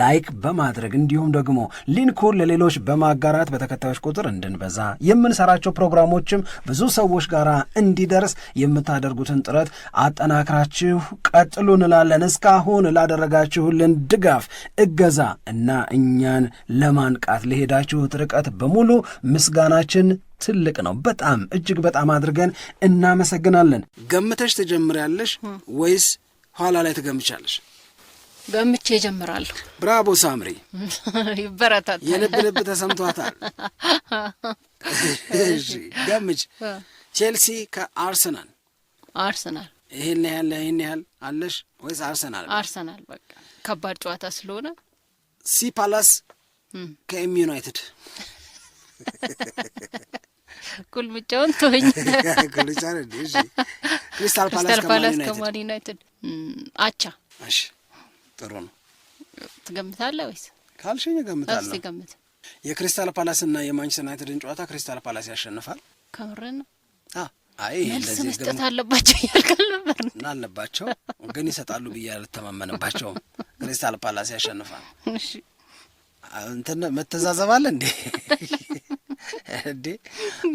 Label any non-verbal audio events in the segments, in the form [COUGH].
ላይክ በማድረግ እንዲሁም ደግሞ ሊንኩን ለሌሎች በማጋራት በተከታዮች ቁጥር እንድንበዛ የምንሰራቸው ፕሮግራሞችም ብዙ ሰዎች ጋር እንዲደርስ የምታደርጉትን ጥረት አጠናክራችሁ ቀጥሉ እንላለን። እስካሁን ላደረጋችሁልን ድጋፍ፣ እገዛ እና እኛን ለማንቃት ለሄዳችሁት ርቀት በሙሉ ምስጋናችን ትልቅ ነው። በጣም እጅግ በጣም አድርገን እናመሰግናለን። ገምተሽ ትጀምሪያለሽ ወይስ ኋላ ላይ ትገምቻለሽ? ገምቼ ጀምራለሁ። ብራቦ ሳምሪ፣ [LAUGHS] ይበረታታል። የልብ ልብ ተሰምቷታል። [LAUGHS] ገምች። ቼልሲ ከአርሰናል አርሰናል ይህን ያህል ይህን ያህል አለሽ ወይስ አርሰናል አርሰናል? በቃ ከባድ ጨዋታ ስለሆነ ሲ ፓላስ ከኤም ዩናይትድ [LAUGHS] ጉልምጫውን ተወኝ። ክሪስታል ፓላስ ከማን ዩናይትድ አቻ ጥሩ ነው። ትገምታለህ ወይስ ካልሽኝ? እገምታለሁ። ገምት። የክሪስታል እና የማንቸስተር ዩናይትድን ጨዋታ ክሪስታል ፓላስ ያሸንፋል። ከምር ነው። አይ መልስ መስጠት አለባቸው እያልካል ነበር። አለባቸው ግን ይሰጣሉ ብዬ አልተማመንባቸውም። ክሪስታል ፓላስ ያሸንፋል። እንትን መተዛዘብ አለ እንዴ? እንዴ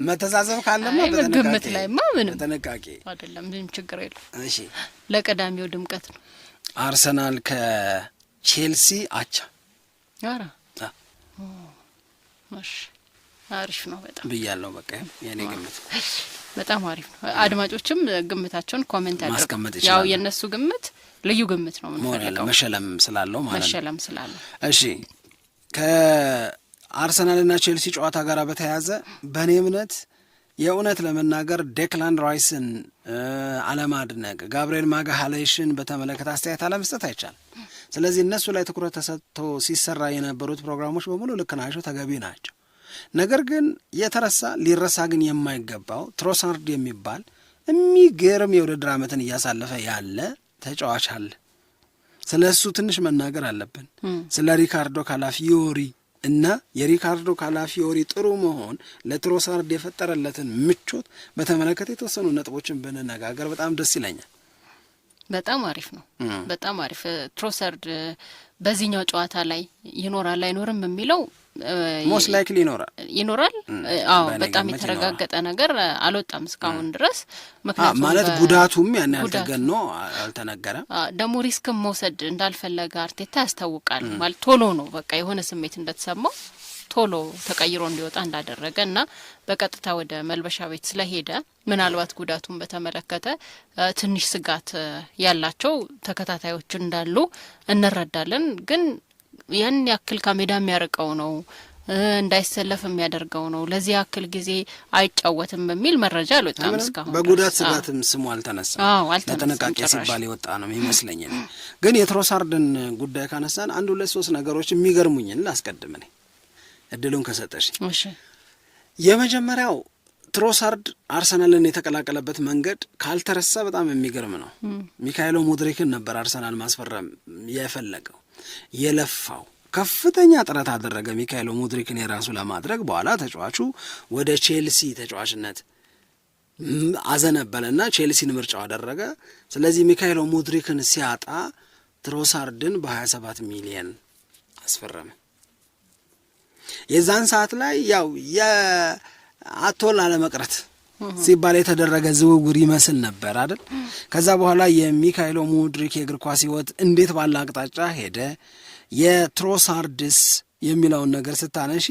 መተዛዘብ ካለማ ግምት ላይ ማ ምንም ጥንቃቄ አይደለም። ምንም ችግር የለም። እሺ ለቀዳሚው ድምቀት ነው። አርሰናል ከቼልሲ አቻ አሪፍ ነው በጣም ብያለሁ። በቃ የኔ ግምት በጣም አሪፍ ነው። አድማጮችም ግምታቸውን ኮሜንት ማስቀመጥ ያው የእነሱ ግምት ልዩ ግምት ነው የምንፈልገው መሸለም ስላለው ማለት መሸለም ስላለው። እሺ ከአርሰናልና ቼልሲ ጨዋታ ጋር በተያያዘ በእኔ እምነት የእውነት ለመናገር ዴክላን ራይስን አለማድነቅ ጋብርኤል ማጋሃሌሽን በተመለከተ አስተያየት አለመስጠት አይቻልም። ስለዚህ እነሱ ላይ ትኩረት ተሰጥቶ ሲሰራ የነበሩት ፕሮግራሞች በሙሉ ልክ ናቸው፣ ተገቢ ናቸው። ነገር ግን የተረሳ ሊረሳ ግን የማይገባው ትሮሳርድ የሚባል የሚገርም የውድድር ዓመትን እያሳለፈ ያለ ተጫዋች አለ። ስለ እሱ ትንሽ መናገር አለብን። ስለ ሪካርዶ ካላፊዮሪ እና የሪካርዶ ካላፊዮሪ ጥሩ መሆን ለትሮሳርድ የፈጠረለትን ምቾት በተመለከተ የተወሰኑ ነጥቦችን ብንነጋገር በጣም ደስ ይለኛል። በጣም አሪፍ ነው። በጣም አሪፍ ትሮሰርድ በዚህኛው ጨዋታ ላይ ይኖራል አይኖርም የሚለው ሞስት ላይክሊ ይኖራል ይኖራል። አዎ በጣም የተረጋገጠ ነገር አልወጣም እስካሁን ድረስ። ምክንያቱም ማለት ጉዳቱም ያን ያልተገን ነው አልተነገረም። ደግሞ ሪስክም መውሰድ እንዳልፈለገ አርቴታ ያስታውቃል። ማለት ቶሎ ነው በቃ የሆነ ስሜት እንደተሰማው ቶሎ ተቀይሮ እንዲወጣ እንዳደረገ እና በቀጥታ ወደ መልበሻ ቤት ስለሄደ ምናልባት ጉዳቱን በተመለከተ ትንሽ ስጋት ያላቸው ተከታታዮች እንዳሉ እንረዳለን ግን ያን ያክል ከሜዳ የሚያርቀው ነው እንዳይሰለፍ የሚያደርገው ነው። ለዚህ ያክል ጊዜ አይጫወትም በሚል መረጃ አልወጣም። እስካሁን በጉዳት ስጋትም ስሙ አልተነሳም። ለጥንቃቄ ሲባል የወጣ ነው ይመስለኛል። ግን የትሮሳርድን ጉዳይ ካነሳን አንድ ሁለት ሶስት ነገሮች የሚገርሙኝን ላስቀድም። እድሉን ከሰጠሽ የመጀመሪያው ትሮሳርድ አርሰናልን የተቀላቀለበት መንገድ ካልተረሳ በጣም የሚገርም ነው። ሚካኤሎ ሙድሪክን ነበር አርሰናል ማስፈረም የፈለገው የለፋው ከፍተኛ ጥረት አደረገ ሚካኤሎ ሙድሪክን የራሱ ለማድረግ። በኋላ ተጫዋቹ ወደ ቼልሲ ተጫዋችነት አዘነበለና ቼልሲን ምርጫው አደረገ። ስለዚህ ሚካኤሎ ሙድሪክን ሲያጣ ትሮሳርድን በ27 ሚሊየን አስፈረመ። የዛን ሰዓት ላይ ያው የአቶ ላለመቅረት ሲባል የተደረገ ዝውውር ይመስል ነበር አይደል? ከዛ በኋላ የሚካኤሎ ሙድሪክ የእግር ኳስ ህይወት እንዴት ባለ አቅጣጫ ሄደ? የትሮሳርድስ የሚለውን ነገር ስታነሺ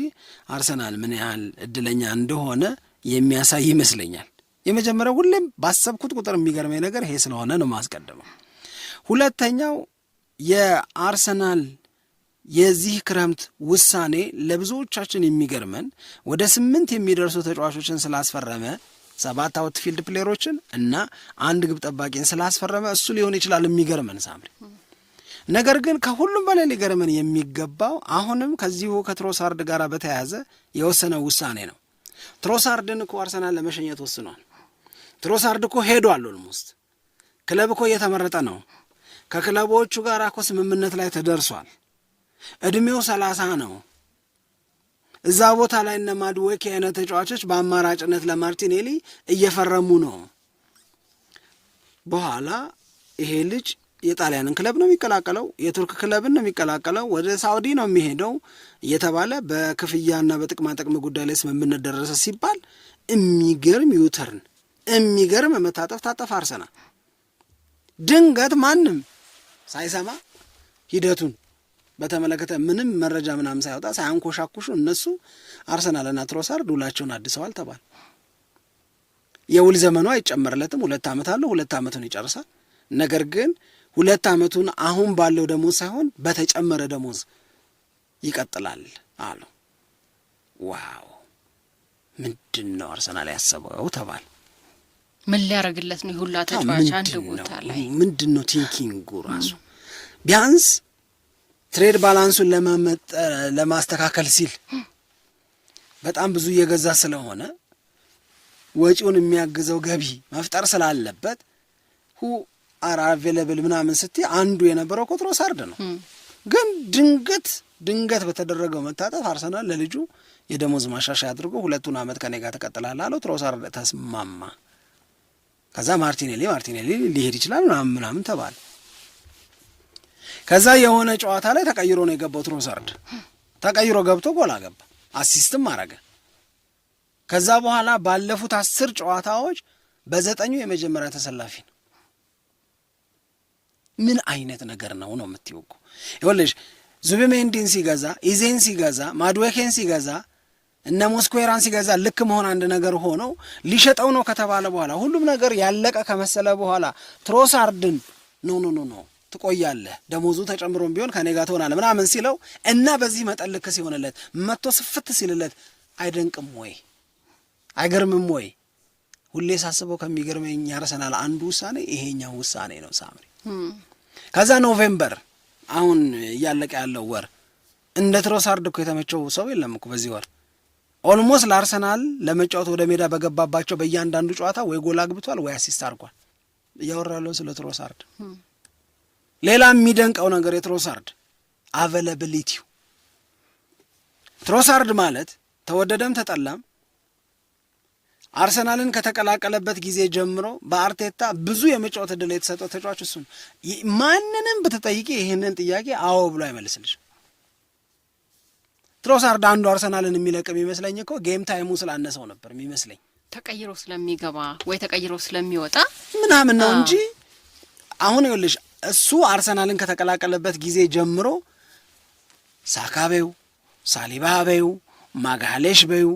አርሰናል ምን ያህል እድለኛ እንደሆነ የሚያሳይ ይመስለኛል። የመጀመሪያው ሁሌም ባሰብኩት ቁጥር የሚገርመኝ ነገር ይሄ ስለሆነ ነው ማስቀደመው። ሁለተኛው የአርሰናል የዚህ ክረምት ውሳኔ ለብዙዎቻችን የሚገርመን ወደ ስምንት የሚደርሱ ተጫዋቾችን ስላስፈረመ ሰባት አውትፊልድ ፕሌሮችን እና አንድ ግብ ጠባቂን ስላስፈረመ እሱ ሊሆን ይችላል የሚገርመን ሳምሪ። ነገር ግን ከሁሉም በላይ ሊገርመን የሚገባው አሁንም ከዚሁ ከትሮሳርድ ጋር በተያያዘ የወሰነው ውሳኔ ነው። ትሮሳርድን እኮ አርሰናል ለመሸኘት ወስኗል። ትሮሳርድ እኮ ሄዷል። ኦልሞስት ክለብ እኮ እየተመረጠ ነው። ከክለቦቹ ጋር እኮ ስምምነት ላይ ተደርሷል። እድሜው ሰላሳ ነው። እዛ ቦታ ላይ እነ ማድዌክ የአይነት ተጫዋቾች በአማራጭነት ለማርቲኔሊ እየፈረሙ ነው። በኋላ ይሄ ልጅ የጣሊያንን ክለብ ነው የሚቀላቀለው፣ የቱርክ ክለብን ነው የሚቀላቀለው፣ ወደ ሳውዲ ነው የሚሄደው እየተባለ በክፍያና በጥቅማጥቅም ጉዳይ ላይ ስምምነት ደረሰ ሲባል የሚገርም ዩተርን የሚገርም መታጠፍ ታጠፍ አርሰናል ድንገት ማንም ሳይሰማ ሂደቱን በተመለከተ ምንም መረጃ ምናምን ሳይወጣ ሳያንኮሻኩሹ እነሱ አርሰናልና ትሮሳርድ ውላቸውን አድሰዋል ተባለ። የውል ዘመኑ አይጨመርለትም። ሁለት ዓመት አለው። ሁለት ዓመቱን ይጨርሳል። ነገር ግን ሁለት ዓመቱን አሁን ባለው ደሞዝ ሳይሆን በተጨመረ ደሞዝ ይቀጥላል አሉ። ዋው ምንድን ነው አርሰናል ያሰበው ተባለ። ምን ሊያደርግለት ነው? ሁላ ተጫዋች አንድ ቦታ ላይ ምንድን ነው ቲንኪንጉ ራሱ ቢያንስ ትሬድ ባላንሱን ለማስተካከል ሲል በጣም ብዙ እየገዛ ስለሆነ ወጪውን የሚያግዘው ገቢ መፍጠር ስላለበት ሁ አር አቬለብል ምናምን ስትይ አንዱ የነበረው ኮ ትሮሳርድ ነው። ግን ድንገት ድንገት በተደረገው መታጠፍ አርሰናል ለልጁ የደሞዝ ማሻሻያ አድርጎ ሁለቱን አመት ከኔ ጋር ትቀጥላለህ አለው። ትሮሳርድ ተስማማ። ከዛ ማርቲኔሊ ማርቲኔሊ ሊሄድ ይችላል ምናምን ምናምን ተባለ። ከዛ የሆነ ጨዋታ ላይ ተቀይሮ ነው የገባው ትሮሳርድ ተቀይሮ ገብቶ ጎል አገባ፣ አሲስትም አረገ። ከዛ በኋላ ባለፉት አስር ጨዋታዎች በዘጠኙ የመጀመሪያ ተሰላፊ ነው። ምን አይነት ነገር ነው ነው የምትወቁ? ይኸውልሽ ዙቢሜንዲን ሲገዛ፣ ኢዜን ሲገዛ፣ ማድዌኬን ሲገዛ፣ እነ ሞስኩዌራን ሲገዛ ልክ መሆን አንድ ነገር ሆነው ሊሸጠው ነው ከተባለ በኋላ ሁሉም ነገር ያለቀ ከመሰለ በኋላ ትሮሳርድን ኖ ኖ ኖ ትቆያለህ ደሞዙ ተጨምሮም ቢሆን ከኔ ጋር ትሆናለህ ምናምን ሲለው እና በዚህ መጠን ልክ ሲሆንለት መቶ ስፍት ሲልለት አይደንቅም ወይ? አይገርምም ወይ? ሁሌ ሳስበው ከሚገርመኝ ያርሰናል አንዱ ውሳኔ ይሄኛው ውሳኔ ነው ሳምሪ። ከዛ ኖቬምበር አሁን እያለቀ ያለው ወር እንደ ትሮሳርድ እኮ የተመቸው ሰው የለም እኮ በዚህ ወር ኦልሞስት ለአርሰናል ለመጫወት ወደ ሜዳ በገባባቸው በእያንዳንዱ ጨዋታ ወይ ጎል አግብቷል ወይ አሲስት አድርጓል። እያወራለሁ ስለ ትሮሳርድ ሌላ የሚደንቀው ነገር የትሮሳርድ አቬለብሊቲው ትሮሳርድ ማለት ተወደደም ተጠላም አርሰናልን ከተቀላቀለበት ጊዜ ጀምሮ በአርቴታ ብዙ የመጫወት እድል የተሰጠው ተጫዋች እሱ ነው። ማንንም ብትጠይቂ ይህንን ጥያቄ አዎ ብሎ አይመልስልሽ። ትሮሳርድ አንዱ አርሰናልን የሚለቅ የሚመስለኝ እኮ ጌም ታይሙ ስላነሰው ነበር የሚመስለኝ ተቀይሮ ስለሚገባ ወይ ተቀይሮ ስለሚወጣ ምናምን ነው እንጂ አሁን ይኸውልሽ እሱ አርሰናልን ከተቀላቀለበት ጊዜ ጀምሮ ሳካ በዩ፣ ሳሊባ በዩ፣ ማጋሌሽ በይው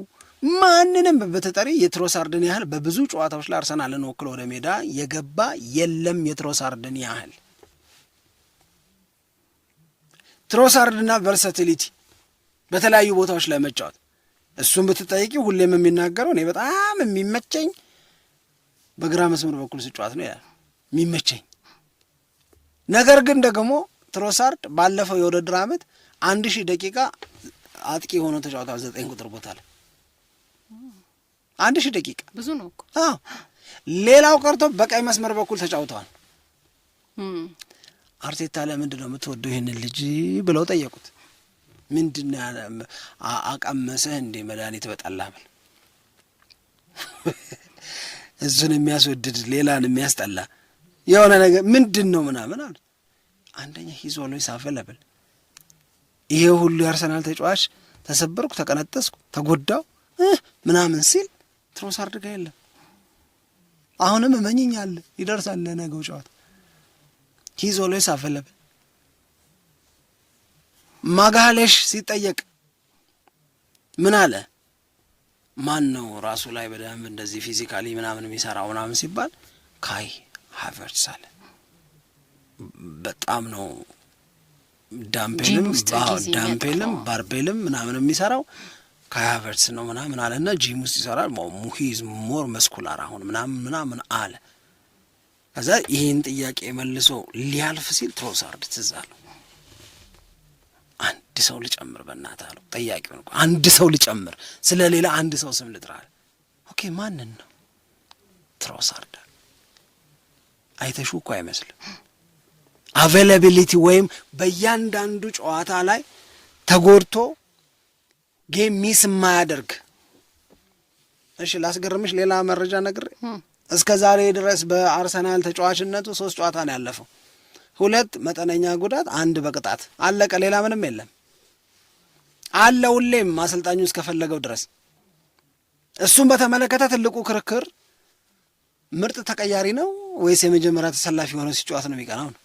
ማንንም በተጠሪ የትሮሳርድን ያህል በብዙ ጨዋታዎች ላይ አርሰናልን ወክሎ ወደ ሜዳ የገባ የለም። የትሮሳርድን ያህል ትሮሳርድና ቨርሳቲሊቲ በተለያዩ ቦታዎች ላይ መጫወት እሱን ብትጠይቂ ሁሌም የሚናገረው እኔ በጣም የሚመቸኝ በግራ መስመር በኩል ስጫወት ነው ይላል። የሚመቸኝ ነገር ግን ደግሞ ትሮሳርድ ባለፈው የውድድር ዓመት አንድ ሺህ ደቂቃ አጥቂ ሆኖ ተጫውቷል። ዘጠኝ ቁጥር ቦታ ላይ አንድ ሺህ ደቂቃ ብዙ ነው እኮ። አዎ ሌላው ቀርቶ በቀይ መስመር በኩል ተጫውተዋል። አርቴታ ለምንድን ነው የምትወደው ይህንን ልጅ ብለው ጠየቁት። ምንድን አቀመሰህ እንዴ መድኃኒት በጠላ ብል [LAUGHS] እሱን የሚያስወድድ ሌላን የሚያስጠላ የሆነ ነገር ምንድን ነው ምናምን አሉት። አንደኛ ሂዝ ኦልዌይስ ይሄ ሁሉ የአርሰናል ተጫዋች ተሰበርኩ፣ ተቀነጠስኩ፣ ተጎዳው ምናምን ሲል ትሮሳርድ ጋር የለም። አሁንም እመኝኝ ይደርሳል ለነገው ጨዋታ። ሂዝ ኦልዌይስ ማጋሌሽ ሲጠየቅ ምን አለ? ማን ነው ራሱ ላይ በደንብ እንደዚህ ፊዚካሊ ምናምን የሚሰራው ምናምን ሲባል ካይ ሃቨርትስ አለ። በጣም ነው ዳምፔልም ዳምፔልም ባርቤልም ምናምን የሚሰራው ከሃቨርትስ ነው ምናምን አለ እና ጂም ውስጥ ይሰራል። ሙሂዝ ሞር መስኩላር አሁን ምናምን ምናምን አለ። ከዛ ይህን ጥያቄ መልሶ ሊያልፍ ሲል ትሮሳርድ ትዝ አለው። አንድ ሰው ልጨምር በእናት አለው። ጠያቂውን አንድ ሰው ልጨምር፣ ስለ ሌላ አንድ ሰው ስም ልጥራል። ኦኬ ማንን ነው? ትሮሳርድ አይተሹ እኮ አይመስልም። አቬላቢሊቲ ወይም በእያንዳንዱ ጨዋታ ላይ ተጎድቶ ጌም ሚስ የማያደርግ እሺ፣ ላስገርምሽ ሌላ መረጃ ነግሬ እስከ ዛሬ ድረስ በአርሰናል ተጫዋችነቱ ሶስት ጨዋታ ነው ያለፈው። ሁለት መጠነኛ ጉዳት፣ አንድ በቅጣት አለቀ። ሌላ ምንም የለም አለ። ሁሌም አሰልጣኙ እስከፈለገው ድረስ እሱም በተመለከተ ትልቁ ክርክር ምርጥ ተቀያሪ ነው ወይስ የመጀመሪያ ተሰላፊ የሆነ ሲጫወት ነው የሚቀናው ነው።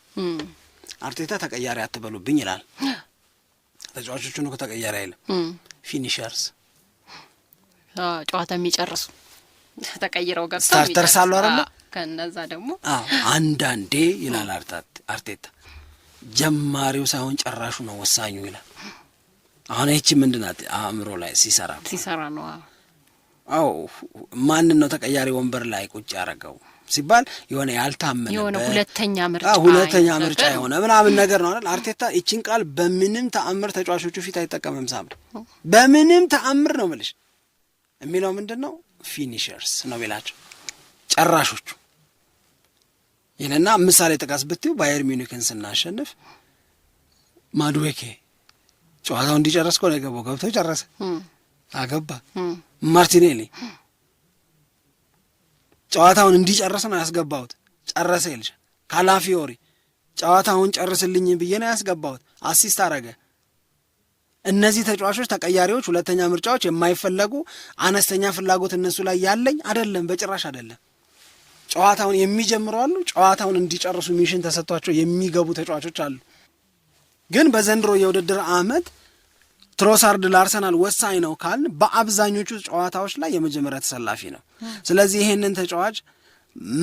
አርቴታ ተቀያሪ አትበሉብኝ ይላል። ተጫዋቾቹን እኮ ተቀያሪ አይልም። ፊኒሸርስ ጨዋታ የሚጨርሱ ተቀይረው ገብተው ስታርተርስ አሉ አለ። ከነዛ ደግሞ አንዳንዴ ይላል አርቴታ ጀማሪው ሳይሆን ጨራሹ ነው ወሳኙ ይላል። አሁን ይቺ ምንድናት አእምሮ ላይ ሲሰራ ሲሰራ ነው አው ማንን ነው ተቀያሪ ወንበር ላይ ቁጭ ያደረገው ሲባል የሆነ ያልታመነበት ሁለተኛ ምርጫ ሁለተኛ ምርጫ የሆነ ምናምን ነገር ነው አይደል? አርቴታ ይችን ቃል በምንም ተአምር ተጫዋቾቹ ፊት አይጠቀምም። ሳም በምንም ተአምር ነው ምልሽ የሚለው ምንድን ነው ፊኒሸርስ ነው ሚላቸው ጨራሾቹ ይህንና ምሳሌ ጥቀስ ብትዩ ባየር ሚኒክን ስናሸንፍ ማድዌኬ ጨዋታው እንዲጨረስ ከሆነ የገባው ገብቶ ጨረሰ አገባ ማርቲኔሊ ጨዋታውን እንዲጨርስ ነው ያስገባሁት። ጨረሰ ይልሽ ካላፊዮሪ ጨዋታውን ጨርስልኝ ብዬ ነው ያስገባሁት። አሲስት አረገ። እነዚህ ተጫዋቾች ተቀያሪዎች፣ ሁለተኛ ምርጫዎች፣ የማይፈለጉ አነስተኛ ፍላጎት እነሱ ላይ ያለኝ አይደለም፣ በጭራሽ አይደለም። ጨዋታውን የሚጀምሩ አሉ። ጨዋታውን እንዲጨርሱ ሚሽን ተሰጥቷቸው የሚገቡ ተጫዋቾች አሉ። ግን በዘንድሮ የውድድር አመት ትሮሳርድ ለአርሰናል ወሳኝ ነው ካልን በአብዛኞቹ ጨዋታዎች ላይ የመጀመሪያ ተሰላፊ ነው። ስለዚህ ይህንን ተጫዋች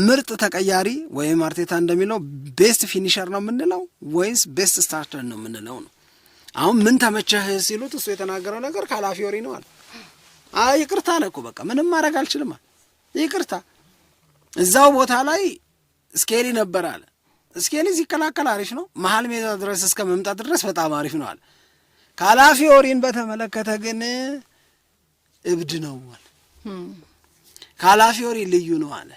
ምርጥ ተቀያሪ ወይም አርቴታ እንደሚለው ቤስት ፊኒሸር ነው የምንለው ወይስ ቤስት ስታርተር ነው የምንለው ነው። አሁን ምን ተመቸህ ሲሉት እሱ የተናገረው ነገር ካላፊዮሪ ነው አለ። አይ ይቅርታ ነኩ በቃ ምንም ማድረግ አልችልም አለ። ይቅርታ እዛው ቦታ ላይ ስኬሊ ነበር አለ። ስኬሊ ሲከላከል አሪፍ ነው፣ መሀል ሜዳ ድረስ እስከ መምጣት ድረስ በጣም አሪፍ ነው አለ። ካላፊዮሪን በተመለከተ ግን እብድ ነው አለ። ካላፊዮሪ ልዩ ነው አለ።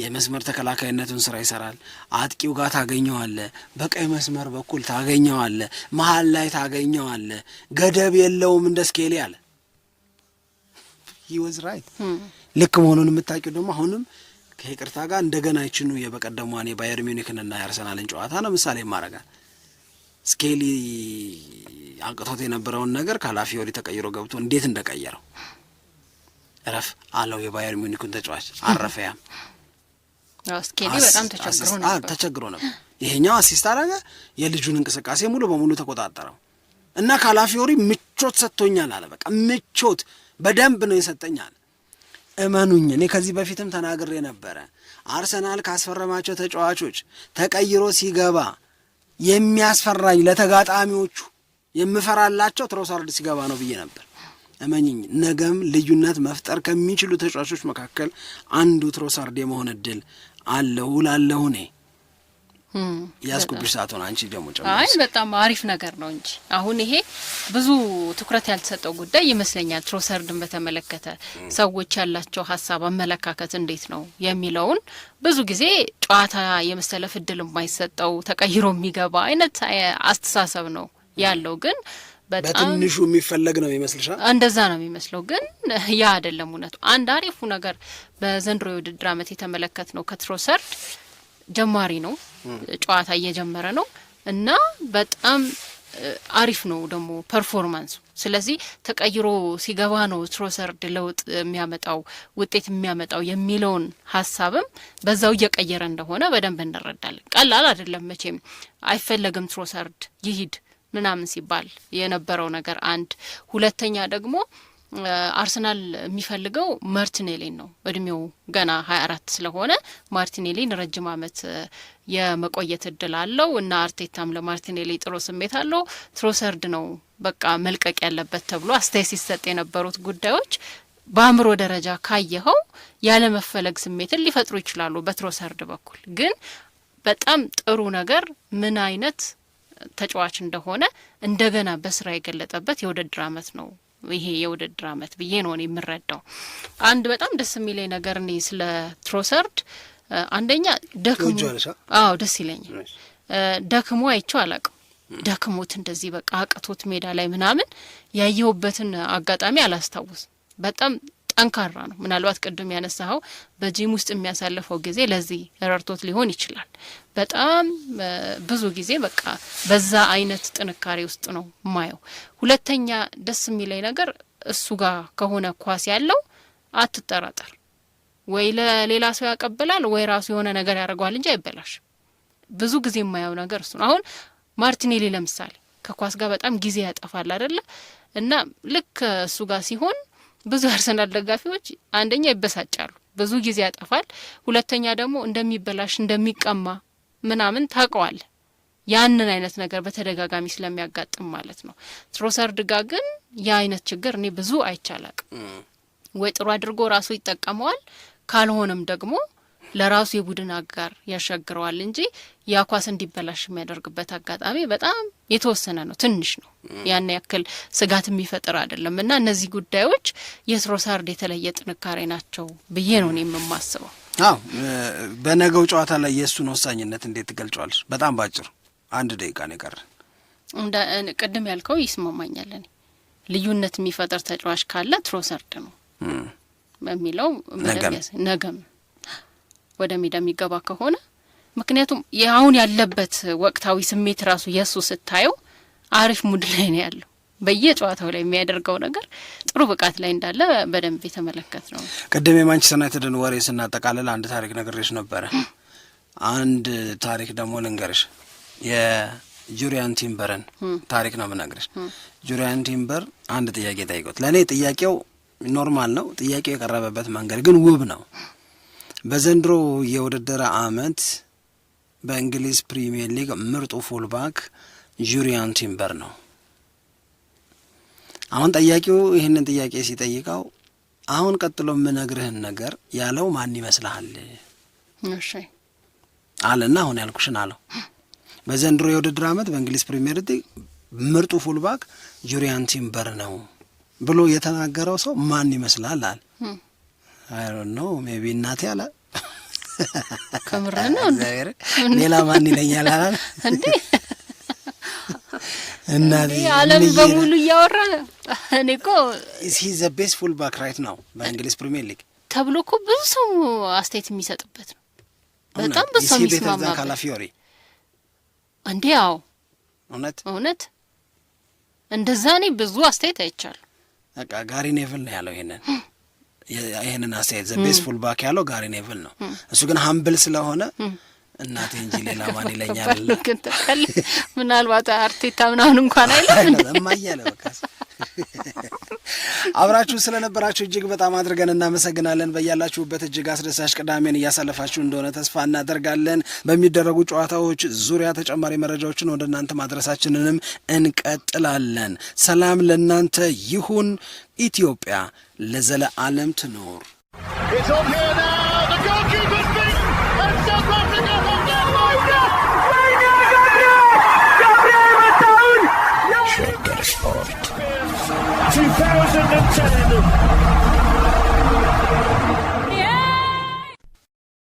የመስመር ተከላካይነቱን ስራ ይሰራል። አጥቂው ጋር ታገኘዋለ፣ በቀይ መስመር በኩል ታገኘዋለ፣ መሀል ላይ ታገኘዋለ። ገደብ የለውም እንደ ስኬሊ አለ። ሂወዝ ራይት ልክ መሆኑን የምታውቂው ደግሞ አሁንም ከይቅርታ ጋር እንደገና ይችኑ የበቀደሟን የባየር ሚኒክንና የአርሰናልን ጨዋታ ነው ምሳሌ ማረጋል ስኬሊ አቅቶት የነበረውን ነገር ካላፊዮሪ ተቀይሮ ገብቶ እንዴት እንደቀየረው እረፍ አለው የባየር ሚኒኩን ተጫዋች አረፈ። ያም ስኬሊ በጣም ተቸግሮ ነበር። ይሄኛው አሲስት አረገ። የልጁን እንቅስቃሴ ሙሉ በሙሉ ተቆጣጠረው እና ካላፊዮሪ ምቾት ሰጥቶኛል አለ። በቃ ምቾት በደንብ ነው የሰጠኛል። እመኑኝ እኔ ከዚህ በፊትም ተናግሬ ነበረ። አርሰናል ካስፈረማቸው ተጫዋቾች ተቀይሮ ሲገባ የሚያስፈራኝ ለተጋጣሚዎቹ የምፈራላቸው ትሮሳርድ ሲገባ ነው ብዬ ነበር። እመኝኝ ነገም ልዩነት መፍጠር ከሚችሉ ተጫዋቾች መካከል አንዱ ትሮሳርድ የመሆን እድል አለው ላለሁ እኔ ያስኩብሽ ሰዓት ሆነ። አንቺ ደግሞ ጨምሮ አይ በጣም አሪፍ ነገር ነው እንጂ አሁን ይሄ ብዙ ትኩረት ያልተሰጠው ጉዳይ ይመስለኛል። ትሮሰርድን በተመለከተ ሰዎች ያላቸው ሀሳብ፣ አመለካከት እንዴት ነው የሚለውን ብዙ ጊዜ ጨዋታ የመሰለፍ እድል የማይሰጠው ተቀይሮ የሚገባ አይነት አስተሳሰብ ነው ያለው ግን በትንሹ የሚፈለግ ነው ይመስልሻል? እንደዛ ነው የሚመስለው፣ ግን ያ አይደለም እውነቱ። አንድ አሪፉ ነገር በዘንድሮ የውድድር አመት የተመለከት ነው ከትሮሰርድ ጀማሪ ነው፣ ጨዋታ እየጀመረ ነው እና በጣም አሪፍ ነው ደግሞ ፐርፎርማንሱ። ስለዚህ ተቀይሮ ሲገባ ነው ትሮሰርድ ለውጥ የሚያመጣው ውጤት የሚያመጣው የሚለውን ሀሳብም በዛው እየቀየረ እንደሆነ በደንብ እንረዳለን። ቀላል አይደለም መቼም አይፈለግም ትሮሰርድ ይሂድ ምናምን ሲባል የነበረው ነገር አንድ፣ ሁለተኛ ደግሞ አርሰናል የሚፈልገው ማርቲኔሊን ነው። እድሜው ገና ሀያ አራት ስለሆነ ማርቲኔሊን ረጅም ዓመት የመቆየት እድል አለው እና አርቴታም ለማርቲኔሌ ጥሩ ስሜት አለው። ትሮሰርድ ነው በቃ መልቀቅ ያለበት ተብሎ አስተያየት ሲሰጥ የነበሩት ጉዳዮች በአእምሮ ደረጃ ካየኸው ያለመፈለግ ስሜትን ሊፈጥሩ ይችላሉ። በትሮሰርድ በኩል ግን በጣም ጥሩ ነገር ምን አይነት ተጫዋች እንደሆነ እንደገና በስራ የገለጠበት የውድድር አመት ነው ይሄ የውድድር አመት ብዬ ነው የምረዳው። አንድ በጣም ደስ የሚለኝ ነገር እኔ ስለ ትሮሰርድ አንደኛ ደክሞ አዎ ደስ ይለኛል። ደክሞ አይቼው አላቅም። ደክሞት እንደዚህ በቃ አቅቶት ሜዳ ላይ ምናምን ያየሁበትን አጋጣሚ አላስታውስም። በጣም ጠንካራ ነው። ምናልባት ቅድም ያነሳኸው በጂም ውስጥ የሚያሳልፈው ጊዜ ለዚህ ረድቶት ሊሆን ይችላል። በጣም ብዙ ጊዜ በቃ በዛ አይነት ጥንካሬ ውስጥ ነው ማየው። ሁለተኛ ደስ የሚለኝ ነገር እሱ ጋር ከሆነ ኳስ ያለው አትጠራጠር፣ ወይ ለሌላ ሰው ያቀብላል ወይ ራሱ የሆነ ነገር ያደርገዋል እንጂ አይበላሽ። ብዙ ጊዜ የማየው ነገር እሱ ነው። አሁን ማርቲኔሊ ለምሳሌ ከኳስ ጋር በጣም ጊዜ ያጠፋል አይደለ? እና ልክ እሱ ጋር ሲሆን ብዙ አርሰናል ደጋፊዎች አንደኛ ይበሳጫሉ፣ ብዙ ጊዜ ያጠፋል። ሁለተኛ ደግሞ እንደሚበላሽ እንደሚቀማ ምናምን ታውቀዋል። ያንን አይነት ነገር በተደጋጋሚ ስለሚያጋጥም ማለት ነው። ትሮሰርድ ጋ ግን ያ አይነት ችግር እኔ ብዙ አይቻላቅ ወይ ጥሩ አድርጎ ራሱ ይጠቀመዋል ካልሆነም ደግሞ ለራሱ የቡድን አጋር ያሻግረዋል እንጂ ያ ኳስ እንዲበላሽ የሚያደርግበት አጋጣሚ በጣም የተወሰነ ነው፣ ትንሽ ነው። ያን ያክል ስጋት የሚፈጥር አይደለም እና እነዚህ ጉዳዮች የትሮሳርድ የተለየ ጥንካሬ ናቸው ብዬ ነው እኔ የማስበው። አዎ በነገው ጨዋታ ላይ የእሱን ወሳኝነት እንዴት ትገልጫዋለች? በጣም ባጭር አንድ ደቂቃ ነው የቀረን። ቅድም ያልከው ይስማማኛል። እኔ ልዩነት የሚፈጥር ተጫዋች ካለ ትሮሳርድ ነው በሚለው ነገም ወደ ሜዳ የሚገባ ከሆነ ምክንያቱም አሁን ያለበት ወቅታዊ ስሜት ራሱ የእሱ ስታየው አሪፍ ሙድ ላይ ነው ያለው። በየጨዋታው ላይ የሚያደርገው ነገር ጥሩ ብቃት ላይ እንዳለ በደንብ የተመለከት ነው። ቅድም የማንቸስተር ዩናይትድን ወሬ ስናጠቃልል አንድ ታሪክ ነግሬሽ ነበረ። አንድ ታሪክ ደግሞ ልንገርሽ። የጁሪያን ቲምበርን ታሪክ ነው የምነግርሽ። ጁሪያን ቲምበር አንድ ጥያቄ ጠይቆት፣ ለእኔ ጥያቄው ኖርማል ነው። ጥያቄው የቀረበበት መንገድ ግን ውብ ነው። በዘንድሮ የውድድር ዓመት በእንግሊዝ ፕሪምየር ሊግ ምርጡ ፉልባክ ጁሪያን ቲምበር ነው። አሁን ጠያቂው ይህንን ጥያቄ ሲጠይቀው አሁን ቀጥሎ የምነግርህን ነገር ያለው ማን ይመስልሃል አለና አሁን ያልኩሽን አለው። በዘንድሮ የውድድር ዓመት በእንግሊዝ ፕሪምየር ሊግ ምርጡ ፉልባክ ጁሪያን ቲምበር ነው ብሎ የተናገረው ሰው ማን ይመስላል አለ። አይሮን ነው ሜቢ እናቴ አላ ከምር ነው ሌላ ማን ይለኛል አላል እንዴ እናቴ አለም በሙሉ እያወራ እኔ እኮ ዘ ቤስት ፉል ባክ ራይት ነው በእንግሊዝ ፕሪሚየር ሊግ ተብሎ እኮ ብዙ ሰው አስተያየት የሚሰጥበት ነው። በጣም ብዙ ሰው የሚስማማበት ካላፊዮሪ እንዴ አዎ እውነት እውነት እንደዛ እኔ ብዙ አስተያየት አይቻለሁ። በቃ ጋሪ ኔቭል ነው ያለው ይሄንን [LAUGHS] ይህንን አስተያየት ዘ ቤስ ፉል ባክ ያለው ጋሪ ኔቭል ነው። እሱ ግን ሀምብል ስለሆነ እናቴ እንጂ ሌላ [LAUGHS] ማን ይለኛል። ምናልባት አርቴታ ምናምን እንኳን አይለም እማያለ በቃ [LAUGHS] አብራችሁ ስለነበራችሁ እጅግ በጣም አድርገን እናመሰግናለን። በያላችሁበት እጅግ አስደሳች ቅዳሜን እያሳለፋችሁ እንደሆነ ተስፋ እናደርጋለን። በሚደረጉ ጨዋታዎች ዙሪያ ተጨማሪ መረጃዎችን ወደ እናንተ ማድረሳችንንም እንቀጥላለን። ሰላም ለእናንተ ይሁን። ኢትዮጵያ ለዘለዓለም ትኖር። 2010.